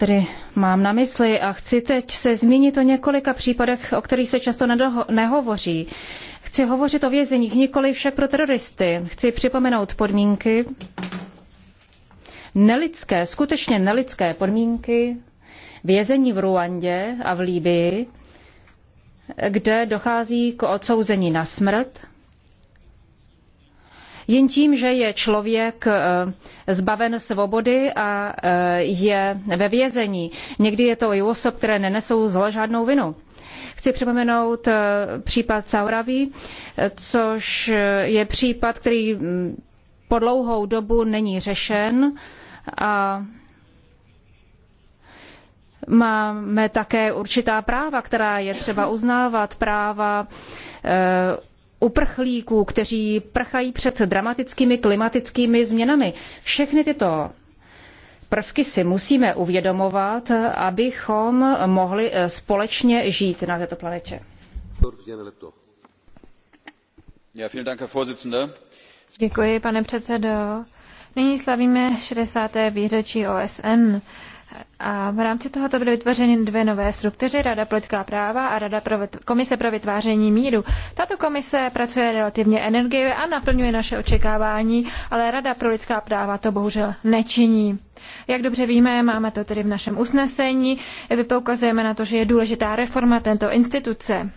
Tedy mám na mysli a chci teď se zmínit o několika případech, o kterých se často nehovoří. Chci hovořit o vězeních, nikoli však pro teroristy. Chci připomenout podmínky, nelidské, skutečně nelidské podmínky vězení v Ruandě a v Líbii, kde dochází k odsouzení na smrt jen tím, že je člověk eh, zbaven svobody a eh, je ve vězení. Někdy je to i osob, které nenesou zle žádnou vinu. Chci připomenout eh, případ Sauraví, což je případ, který mm, po dlouhou dobu není řešen a máme také určitá práva, která je třeba uznávat, práva uprchlíků, kteří prchají před dramatickými klimatickými změnami. Všechny tyto prvky si musíme uvědomovat, abychom mohli eh, společně žít na této planetě. Děkuji, pane předsedo. Nyní slavíme 60. výročí OSN. A v rámci tohoto byly vytvořeny dvě nové struktury, Rada pro lidská práva a Rada pro komise pro vytváření míru. Tato komise pracuje relativně energie a naplňuje naše očekávání, ale Rada pro lidská práva to bohužel nečiní. Jak dobře víme, máme to tedy v našem usnesení, vypoukazujeme na to, že je důležitá reforma této instituce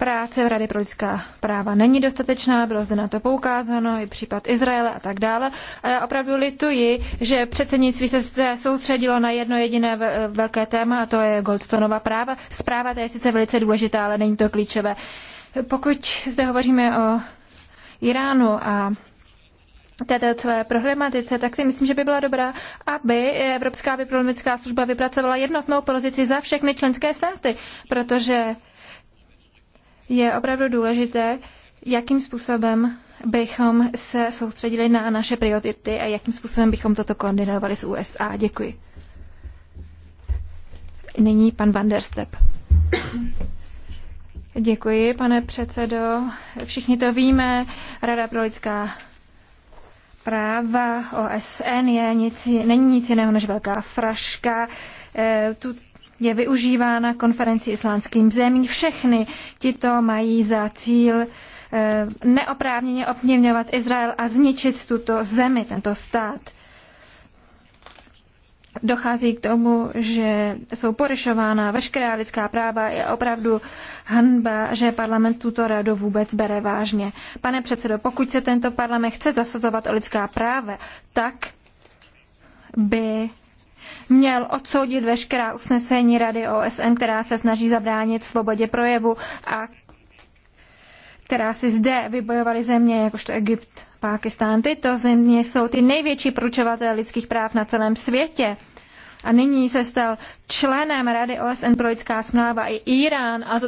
práce v Rady pro lidská práva není dostatečná, bylo zde na to poukázáno, i případ Izraele a tak dále. A já opravdu lituji, že předsednictví se zde soustředilo na jedno jediné velké téma, a to je Goldstonova práva. Zpráva to je sice velice důležitá, ale není to klíčové. Pokud zde hovoříme o Iránu a této celé problematice, tak si myslím, že by byla dobrá, aby Evropská diplomatická služba vypracovala jednotnou pozici za všechny členské státy, protože je opravdu důležité, jakým způsobem bychom se soustředili na naše priority a jakým způsobem bychom toto koordinovali s USA. Děkuji. Nyní pan Van der Step. Děkuji, pane předsedo. Všichni to víme. Rada pro lidská práva OSN je nic, není nic jiného než velká fraška. E, tu, je využívána konferenci islámským zemí. Všechny tito mají za cíl eh, neoprávněně obměňovat Izrael a zničit tuto zemi, tento stát. Dochází k tomu, že jsou porušována veškerá lidská práva. Je opravdu hanba, že parlament tuto radu vůbec bere vážně. Pane předsedo, pokud se tento parlament chce zasazovat o lidská práva, tak by měl odsoudit veškerá usnesení Rady OSN, která se snaží zabránit svobodě projevu a která si zde vybojovaly země, jakožto Egypt, Pákistán. Tyto země jsou ty největší pručovatel lidských práv na celém světě. A nyní se stal členem Rady OSN pro lidská smlouva i Irán, a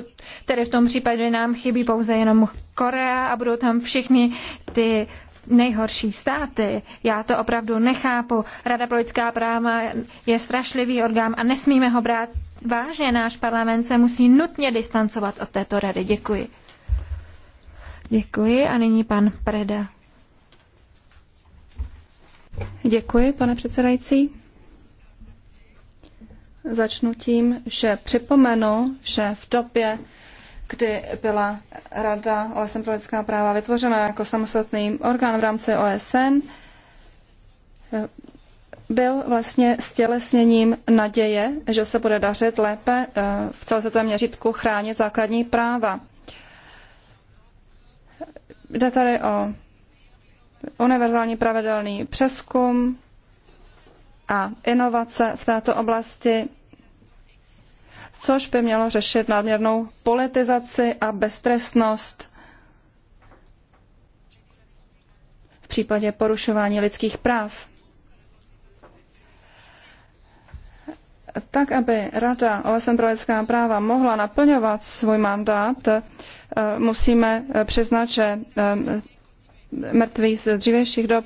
tedy v tom případě nám chybí pouze jenom Korea a budou tam všichni ty nejhorší státy. Já to opravdu nechápu. Rada pro lidská práva je strašlivý orgán a nesmíme ho brát vážně. Náš parlament se musí nutně distancovat od této rady. Děkuji. Děkuji a nyní pan Preda. Děkuji, pane předsedající. Začnu tím, že připomenu, že v době kdy byla Rada OSN pro lidská práva vytvořena jako samostatný orgán v rámci OSN, byl vlastně stělesněním naděje, že se bude dařit lépe eh, v celosvětovém měřítku chránit základní práva. Jde tady o univerzální pravidelný přeskum a inovace v této oblasti což by mělo řešit nadměrnou politizaci a beztrestnost v případě porušování lidských práv. tak, aby Rada OSN pro lidská práva mohla naplňovat svůj mandát, eh, musíme přiznat, že eh, mrtví z dřívějších dob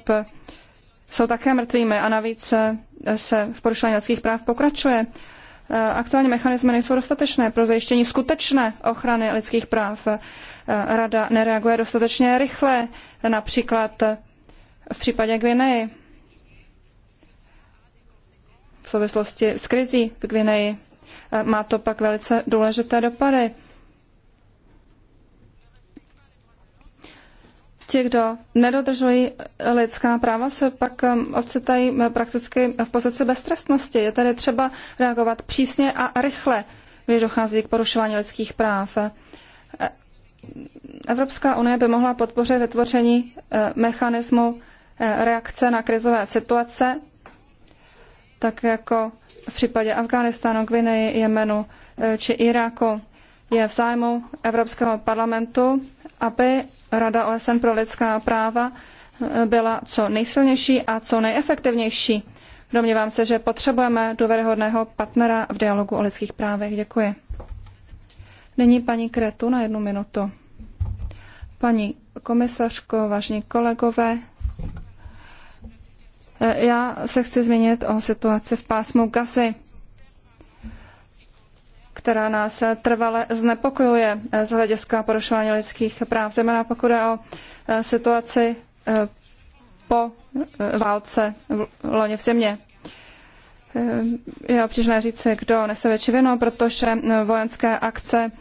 jsou také mrtvými a navíc eh, se v porušování lidských práv pokračuje. Eh, aktuální mechanismy nejsou dostatečné pro zajištění skutečné ochrany lidských práv. Eh, Rada nereaguje dostatečně rychle, například eh, v případě Gvineji v souvislosti s krizí v Gvineji. Má to pak velice důležité dopady. ti, kdo nedodržují lidská práva, se pak um, ocitají eh, prakticky v pozici beztrestnosti. Je tedy třeba reagovat přísně a rychle, když dochází k porušování lidských práv. Eh, Evropská unie by mohla podpořit vytvoření eh, mechanismu reakce na krizové situace, tak jako v případě Afghánistánu, Gvineji, Jemenu či Iráku. Je v zájmu Evropského parlamentu aby Rada OSN pro lidská práva eh, byla co nejsilnější a co nejefektivnější. Domnívám se, že potřebujeme důvěryhodného partnera v dialogu o lidských právech. Děkuji. Nyní paní Kretu na jednu minutu. Paní komisařko, vážní kolegové, eh, já se chci zmínit o situaci v pásmu Gazy která nás trvale znepokojuje eh, z hlediska porušování lidských práv, zejména pokud je o eh, situaci eh, po válce v loni v zimě. Je obtížné říci, kdo nese větší vinu, protože vojenské akce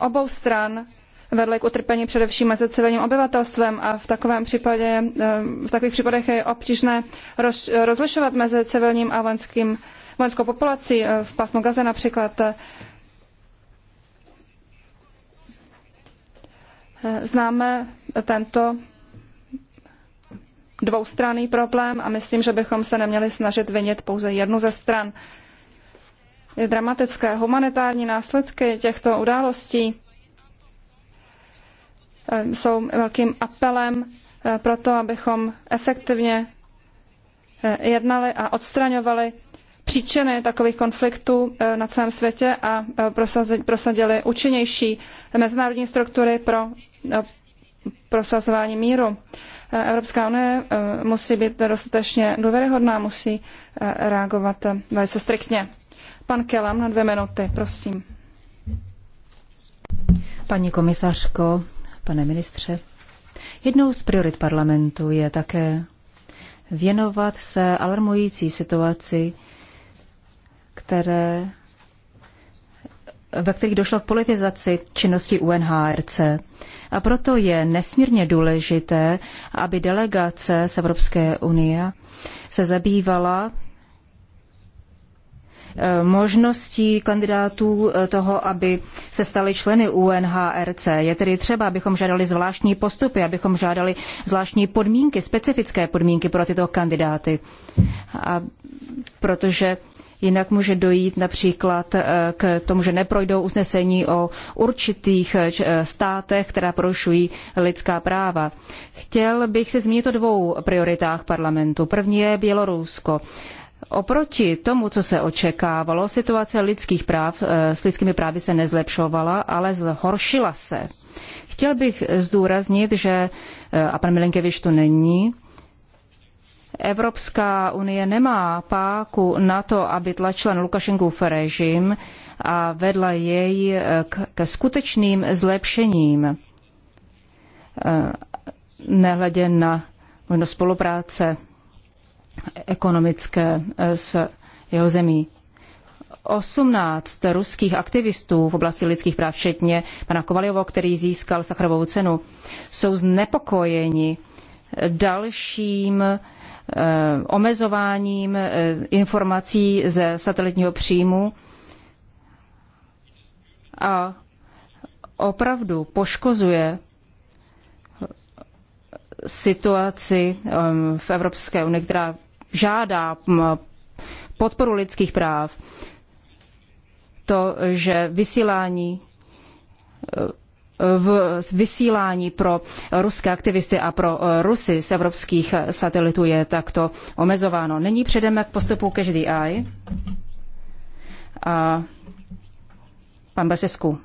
obou stran vedly k utrpení především mezi civilním obyvatelstvem a v takovém případě, v takových případech je obtížné roz, rozlišovat mezi civilním a vojenským vojenskou populací v pásmu Gaze například. Známe tento dvoustranný problém a myslím, že bychom se neměli snažit vinit pouze jednu ze stran. Dramatické humanitární následky těchto událostí eh, jsou velkým apelem eh, pro to, abychom efektivně eh, jednali a odstraňovali příčiny takových konfliktů na celém světě a prosadili účinnější mezinárodní struktury pro prosazování míru. Eh, Evropská unie eh, musí být dostatečně důvěryhodná, musí eh, reagovat velice striktně. Pan Kelam na dvě minuty, prosím. Paní komisařko, pane ministře, jednou z priorit parlamentu je také věnovat se alarmující situaci, které ve kterých došlo k politizaci činnosti UNHRC. A proto je nesmírně důležité, aby delegace z Evropské unie se zabývala eh, možností kandidátů eh, toho, aby se stali členy UNHRC. Je tedy třeba, abychom žádali zvláštní postupy, abychom žádali zvláštní podmínky, specifické podmínky pro tyto kandidáty. A protože jinak může dojít například eh, k tomu, že neprojdou usnesení o určitých eh, eh, státech, která porušují lidská práva. Chtěl bych se zmínit o dvou prioritách parlamentu. První je Bělorusko. Oproti tomu, co se očekávalo, situace lidských práv s lidskými právy se nezlepšovala, ale zhoršila se. Chtěl bych zdůraznit, že, a pan Milenkevič tu není, Evropská unie nemá páku na to, aby tlačila na Lukašenkův režim a vedla jej eh, k, k skutečným zlepšením, eh, nehledě na možnost spolupráce ekonomické eh, s jeho zemí. 18 ruských aktivistů v oblasti lidských práv, včetně pana Kovaljovo, který získal Sacharovou cenu, jsou znepokojeni dalším Eh, omezováním eh, informací ze satelitního příjmu a opravdu poškozuje situaci v Evropské unii, která žádá podporu lidských práv. To, že vysílání v vysílání pro ruské aktivisty a pro eh, Rusy z evropských eh, satelitů je takto omezováno. Nyní přejdeme k postupu Cash the A pan Basescu.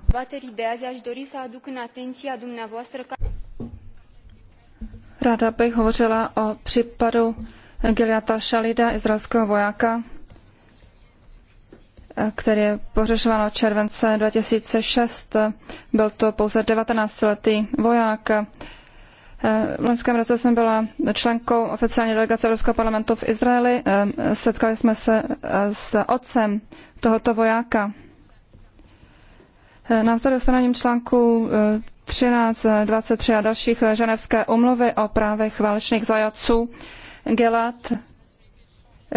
Ráda bych hovořila o případu Giliata Šalida, izraelského vojáka, které pořešovalo od července 2006. Byl to pouze 19-letý voják. V loňském roce jsem byla členkou oficiální delegace Evropského parlamentu v Izraeli. Setkali jsme se s otcem tohoto vojáka. Na ustanovením článku 13, 23 a dalších ženevské umluvy o právech válečných zajaců Gelat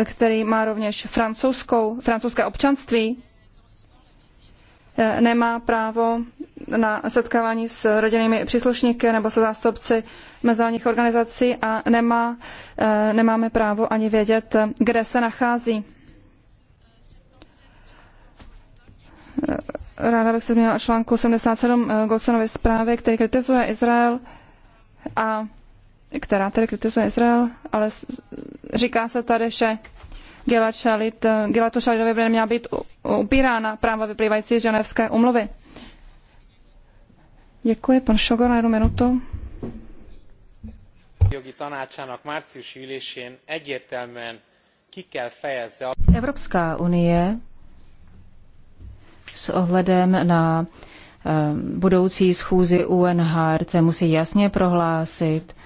který má rovněž francouzskou, francouzské občanství, eh, nemá právo na setkávání s rodinnými příslušníky nebo se zástupci mezinárodních organizací a nemá, eh, nemáme právo ani vědět, kde se nachází. Eh, ráda bych se měla článku 77 Gocenovy zprávy, který kritizuje Izrael a která tedy kritizuje Izrael, ale Říká se tady, že Gilatu Šalidovi by neměla být upírána práva vyplývající z ženevské umluvy. Děkuji, pan Šogor, na jednu minutu. Evropská unie s ohledem na ehm, budoucí schůzi UNHRC musí jasně prohlásit,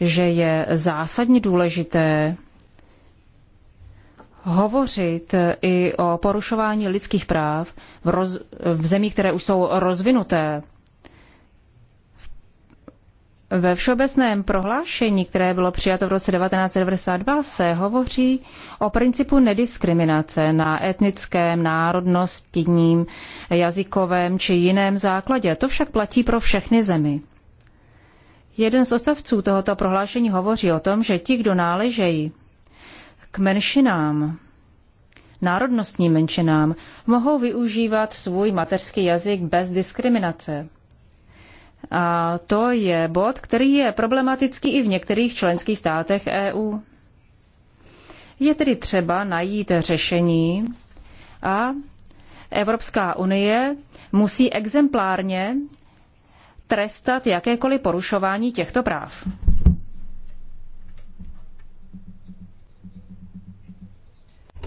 že je zásadně důležité, hovořit i o porušování lidských práv v, roz, v zemích, které už jsou rozvinuté. Ve všeobecném prohlášení, které bylo přijato v roce 1992, se hovoří o principu nediskriminace na etnickém, národnostním, jazykovém či jiném základě. To však platí pro všechny zemi. Jeden z odstavců tohoto prohlášení hovoří o tom, že ti, kdo náležejí k menšinám, národnostní menšinám, mohou využívat svůj mateřský jazyk bez diskriminace. A to je bod, který je problematický i v některých členských státech EU. Je tedy třeba najít řešení a Evropská unie musí exemplárně trestat jakékoliv porušování těchto práv.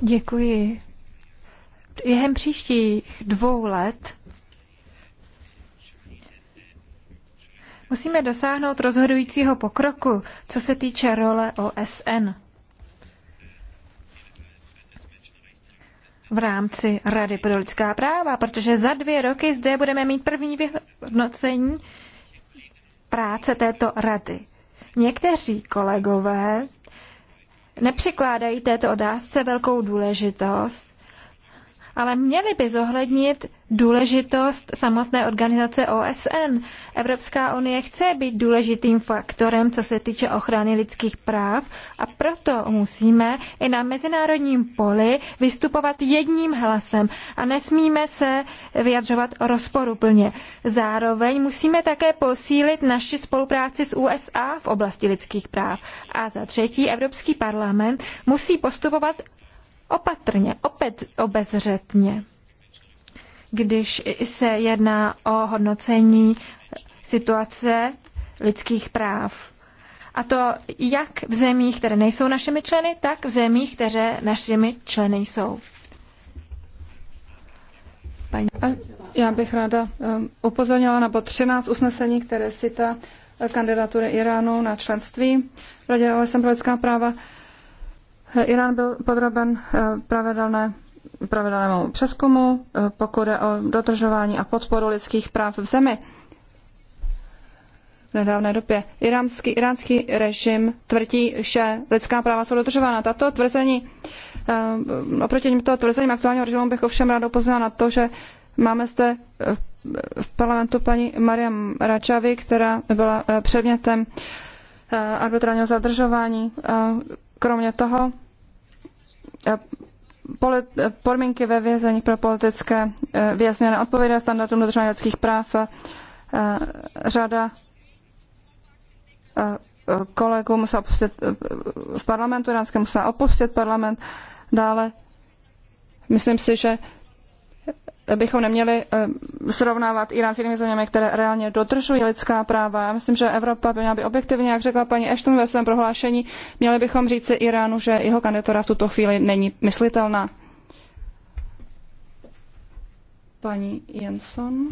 Děkuji. Během příštích dvou let musíme dosáhnout rozhodujícího pokroku, co se týče role OSN. v rámci Rady pro lidská práva, protože za dvě roky zde budeme mít první vyhodnocení práce této rady. Někteří kolegové nepřikládají této otázce velkou důležitost ale měli by zohlednit důležitost samotné organizace OSN. Evropská unie chce být důležitým faktorem, co se týče ochrany lidských práv a proto musíme i na mezinárodním poli vystupovat jedním hlasem a nesmíme se vyjadřovat rozporuplně. Zároveň musíme také posílit naši spolupráci s USA v oblasti lidských práv. A za třetí, Evropský parlament musí postupovat opatrně, opět obezřetně, když se jedná o hodnocení situace lidských práv. A to jak v zemích, které nejsou našimi členy, tak v zemích, které našimi členy jsou. Paní. Já bych ráda um, upozornila na bod 13 usnesení, které si ta eh, kandidatury Iránu na členství v Radě OSN pro lidská práva Irán byl podroben eh, pravidelné pravidelnému přeskumu, eh, pokud je o dodržování a podporu lidských práv v zemi. V nedávné době iránský, iránský režim tvrdí, že lidská práva jsou dodržována. Tato tvrzení, eh, oproti těmto tvrzením aktuálního režimu bych ovšem rád upozornila na to, že máme zde v parlamentu paní Mariam Račavi, která byla předmětem arbitrálního zadržování Kromě toho eh, polit, eh, podmínky ve vězení pro politické eh, vězně neodpovídají standardům dodržování lidských práv. Řada kolegů musela opustit v parlamentu, iránské musela opustit parlament. Dále myslím si, že bychom neměli eh, srovnávat Irán s jinými zeměmi, které reálně dodržují lidská práva. Já myslím, že Evropa by měla být objektivně, jak řekla paní Ashton ve svém prohlášení, měli bychom říci Iránu, že jeho kandidatura v tuto chvíli není myslitelná. Paní Jenson.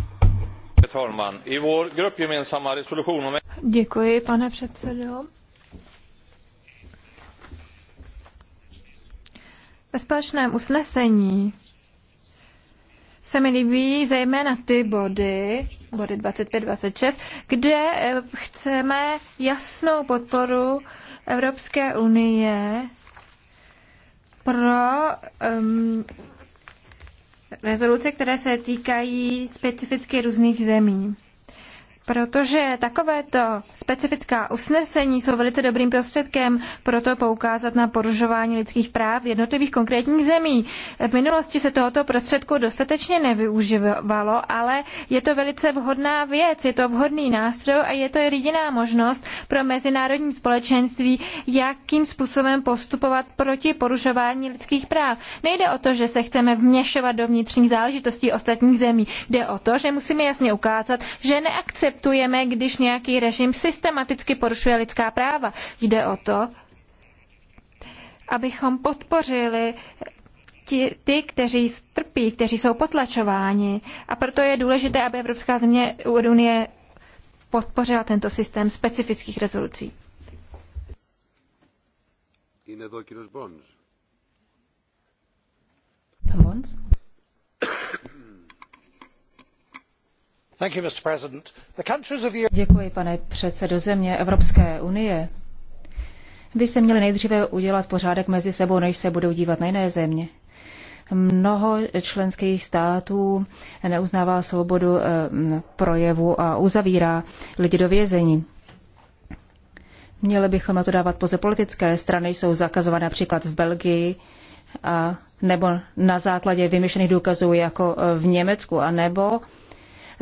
Děkuji, pane předsedo. Ve společném usnesení se mi líbí zejména ty body, body 25-26, kde eh, chceme jasnou podporu Evropské unie pro um, rezoluce, které se týkají specificky různých zemí protože takovéto specifická usnesení jsou velice dobrým prostředkem pro to poukázat na porušování lidských práv v jednotlivých konkrétních zemí. V minulosti se tohoto prostředku dostatečně nevyužívalo, ale je to velice vhodná věc, je to vhodný nástroj a je to jediná možnost pro mezinárodní společenství, jakým způsobem postupovat proti porušování lidských práv. Nejde o to, že se chceme vměšovat do vnitřních záležitostí ostatních zemí. Jde o to, že musíme jasně ukázat, že neakceptujeme akceptujeme, když nějaký režim systematicky porušuje lidská práva. Jde o to, abychom podpořili ti, ty, kteří trpí, kteří jsou potlačováni. A proto je důležité, aby Evropská země Unie podpořila tento systém specifických rezolucí. Bons? Děkuji, pane předsedo země Evropské unie by se měly nejdříve udělat pořádek mezi sebou, než se budou dívat na jiné země. Mnoho členských států neuznává svobodu eh, projevu a uzavírá lidi do vězení. Měli bychom na to dávat pozor. Politické strany jsou zakazované například v Belgii a nebo na základě vymyšlených důkazů jako eh, v Německu, a nebo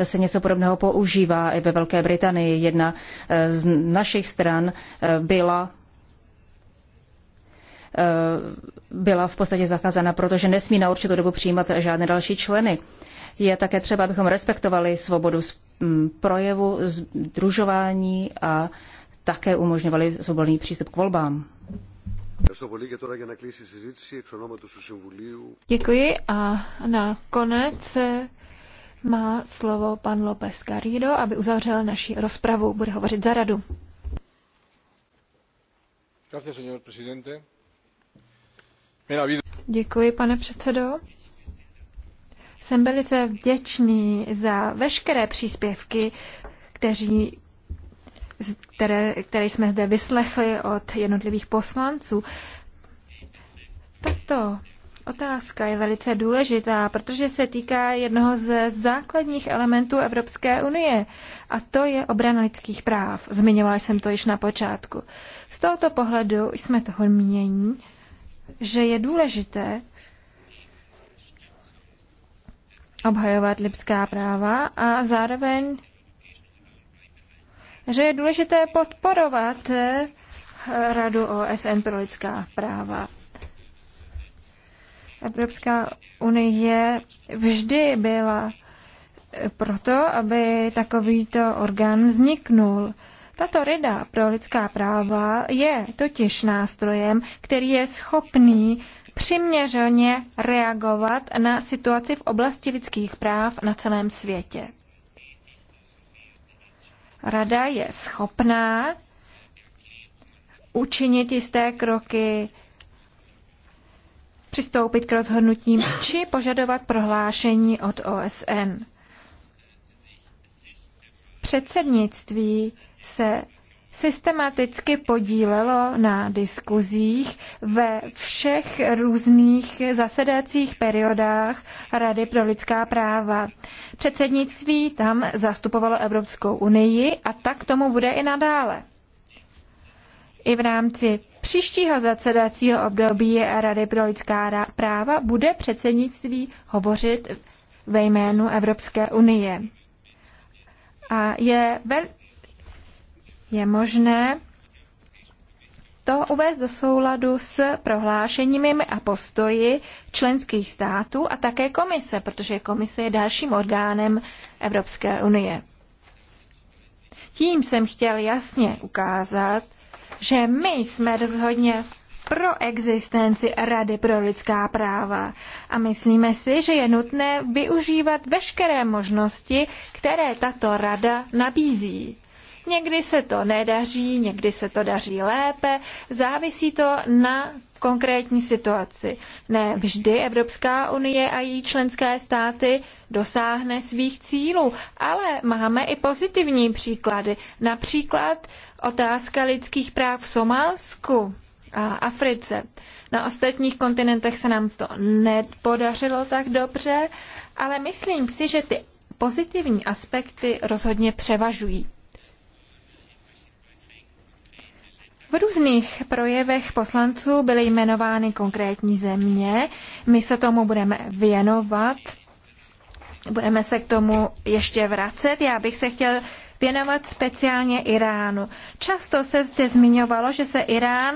se něco podobného používá i ve Velké Británii. Jedna eh, z našich stran eh, byla eh, byla v podstatě zakázána, protože nesmí na určitou dobu přijímat žádné další členy. Je také třeba, abychom respektovali svobodu projevu, združování a také umožňovali svobodný přístup k volbám. Děkuji a na konec má slovo pan López Garrido, aby uzavřel naši rozpravu. Bude hovořit za radu. Děkuji, pane předsedo. Jsem velice vděčný za veškeré příspěvky, kteří které, které jsme zde vyslechli od jednotlivých poslanců. Tato Otázka je velice důležitá, protože se týká jednoho ze základních elementů Evropské unie, a to je obrana lidských práv. Zmiňovala jsem to již na počátku. Z tohoto pohledu jsme toho mínění, že je důležité obhajovat lidská práva a zároveň, že je důležité podporovat Radu OSN pro lidská práva. Evropská unie vždy byla proto, aby takovýto orgán vzniknul. Tato rada pro lidská práva je totiž nástrojem, který je schopný přiměřeně reagovat na situaci v oblasti lidských práv na celém světě. Rada je schopná učinit jisté kroky přistoupit k rozhodnutím či požadovat prohlášení od OSN. Předsednictví se systematicky podílelo na diskuzích ve všech různých zasedacích periodách Rady pro lidská práva. Předsednictví tam zastupovalo Evropskou unii a tak tomu bude i nadále. I v rámci příštího zasedacího období Rady pro lidská práva bude předsednictví hovořit ve jménu Evropské unie. A je, vel, je možné to uvést do souladu s prohlášeními a postoji členských států a také komise, protože komise je dalším orgánem Evropské unie. Tím jsem chtěl jasně ukázat, že my jsme rozhodně pro existenci Rady pro lidská práva a myslíme si, že je nutné využívat veškeré možnosti, které tato rada nabízí. Někdy se to nedaří, někdy se to daří lépe, závisí to na konkrétní situaci. Ne vždy Evropská unie a její členské státy dosáhne svých cílů, ale máme i pozitivní příklady. Například otázka lidských práv v Somálsku a Africe. Na ostatních kontinentech se nám to nepodařilo tak dobře, ale myslím si, že ty pozitivní aspekty rozhodně převažují. V různých projevech poslanců byly jmenovány konkrétní země. My se tomu budeme věnovat. Budeme se k tomu ještě vracet. Já bych se chtěl věnovat speciálně Iránu. Často se zde zmiňovalo, že se Irán,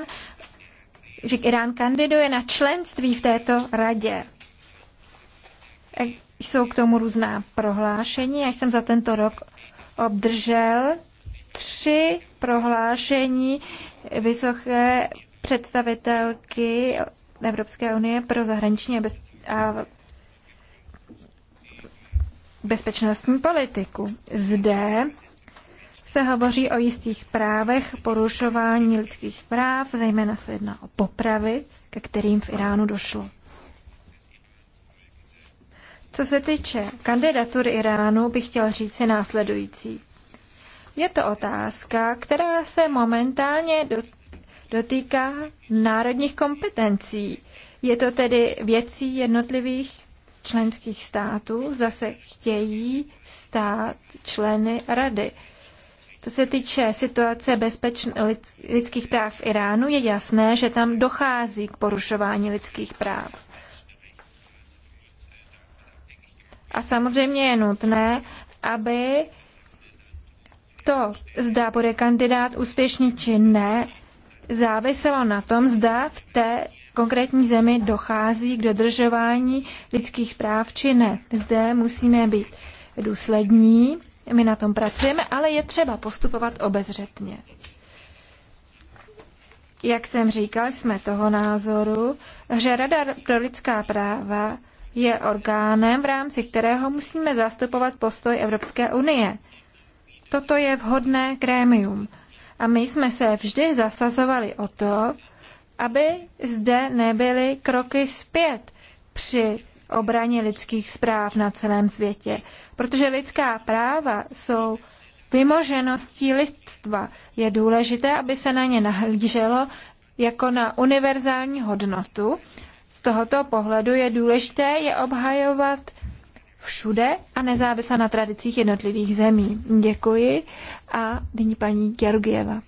že Irán kandiduje na členství v této radě. E, jsou k tomu různá prohlášení. Já jsem za tento rok obdržel tři prohlášení vysoké představitelky Evropské unie pro zahraniční a, bezpečnostní politiku. Zde se hovoří o jistých právech, porušování lidských práv, zejména se jedná o popravy, ke kterým v Iránu došlo. Co se týče kandidatury Iránu, bych chtěl říci následující. Je to otázka, která se momentálně dotýká národních kompetencí. Je to tedy věcí jednotlivých členských států, zase chtějí stát členy rady. To se týče situace bezpečn- lidských práv v Iránu, je jasné, že tam dochází k porušování lidských práv. A samozřejmě je nutné, aby to, zda bude kandidát úspěšný či ne, záviselo na tom, zda v té konkrétní zemi dochází k dodržování lidských práv či ne. Zde musíme být důslední, my na tom pracujeme, ale je třeba postupovat obezřetně. Jak jsem říkal, jsme toho názoru, že Rada pro lidská práva je orgánem, v rámci kterého musíme zastupovat postoj Evropské unie. Toto je vhodné krémium. A my jsme se vždy zasazovali o to, aby zde nebyly kroky zpět při obraně lidských zpráv na celém světě. Protože lidská práva jsou vymožeností lidstva. Je důležité, aby se na ně nahlíželo jako na univerzální hodnotu. Z tohoto pohledu je důležité je obhajovat všude a nezávisle na tradicích jednotlivých zemí. Děkuji a nyní paní Georgieva.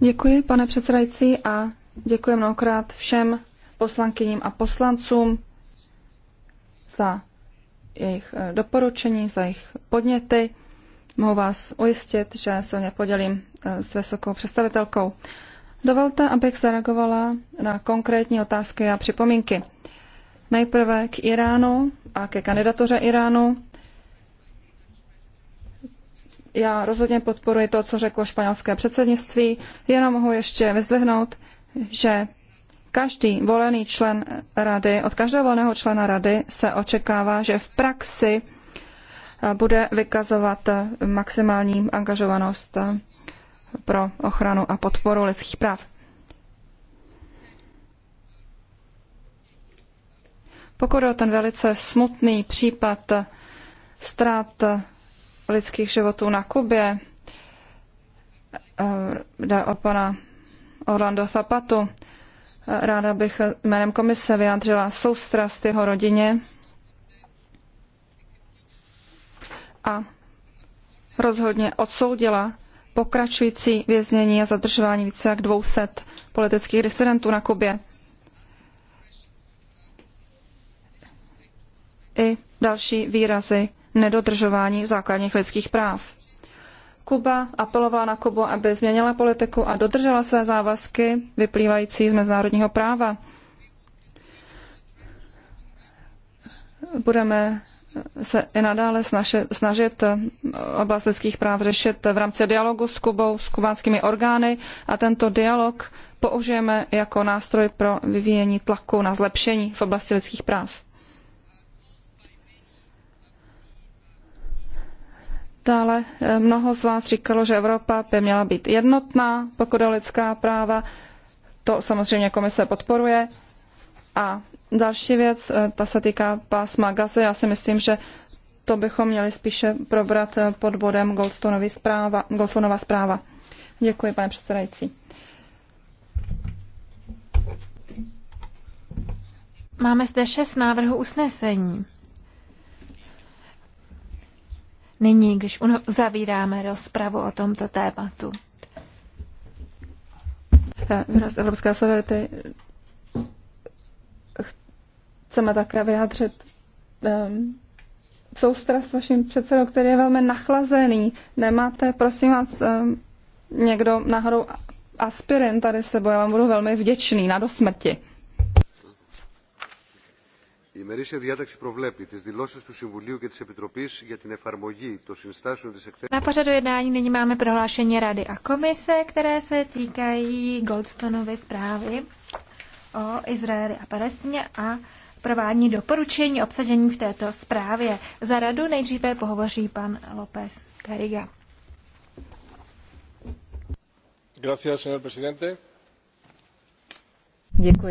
Děkuji, pane předsedající, a děkuji mnohokrát všem poslankyním a poslancům za jejich eh, doporučení, za jejich podněty. Mohu vás ujistit, že se o ně podělím eh, s vysokou představitelkou. Dovolte, abych zareagovala na konkrétní otázky a připomínky. Nejprve k Iránu a ke kandidatoře Iránu. Já rozhodně podporuji to, co řeklo španělské předsednictví. Jenom mohu ještě vyzdvihnout, že každý volený člen rady, od každého voleného člena rady se očekává, že v praxi eh, bude vykazovat eh, maximální angažovanost eh, pro ochranu a podporu lidských práv. Pokud o ten velice smutný případ ztrát lidských životů na Kubě, eh, jde o pana Orlando Zapatu, eh, ráda bych jménem komise vyjádřila soustrast jeho rodině a rozhodně odsoudila pokračující věznění a zadržování více jak 200 politických disidentů na Kubě. i další výrazy nedodržování základních lidských práv. Kuba apelovala na Kubu, aby změnila politiku a dodržela své závazky vyplývající z mezinárodního práva. Budeme se i nadále snažit oblast lidských práv řešit v rámci dialogu s Kubou, s kubánskými orgány a tento dialog použijeme jako nástroj pro vyvíjení tlaku na zlepšení v oblasti lidských práv. Dále eh, mnoho z vás říkalo, že Evropa by měla být jednotná, pokud o lidská práva. To samozřejmě komise podporuje. A další věc, eh, ta se týká pásma gazy. Já si myslím, že to bychom měli spíše probrat eh, pod bodem zpráva, Goldstoneova zpráva. Děkuji, pane předsedající. Máme zde šest návrhů usnesení. nyní, když uzavíráme rozpravu o tomto tématu. Eh, Evropská solidarity chceme také vyjádřit um, soustrast vaším předsedou, který je velmi nachlazený. Nemáte, prosím vás, um, někdo náhodou aspirin tady sebou, já vám budu velmi vděčný na dosmrti η ημερήσια διάταξη προβλέπει τις δηλώσεις του Συμβουλίου και της Επιτροπής για την εφαρμογή των συνστάσεων της εκθέσεως. Na pořadu jednání nyní máme prohlášení Rady a Komise, které se týkají Goldstoneovy zprávy o Izraeli a Palestině a provádní doporučení obsažení v této zprávě. Za radu nejdříve pohovoří pan López Cariga. Gracias, señor presidente. Děkuji.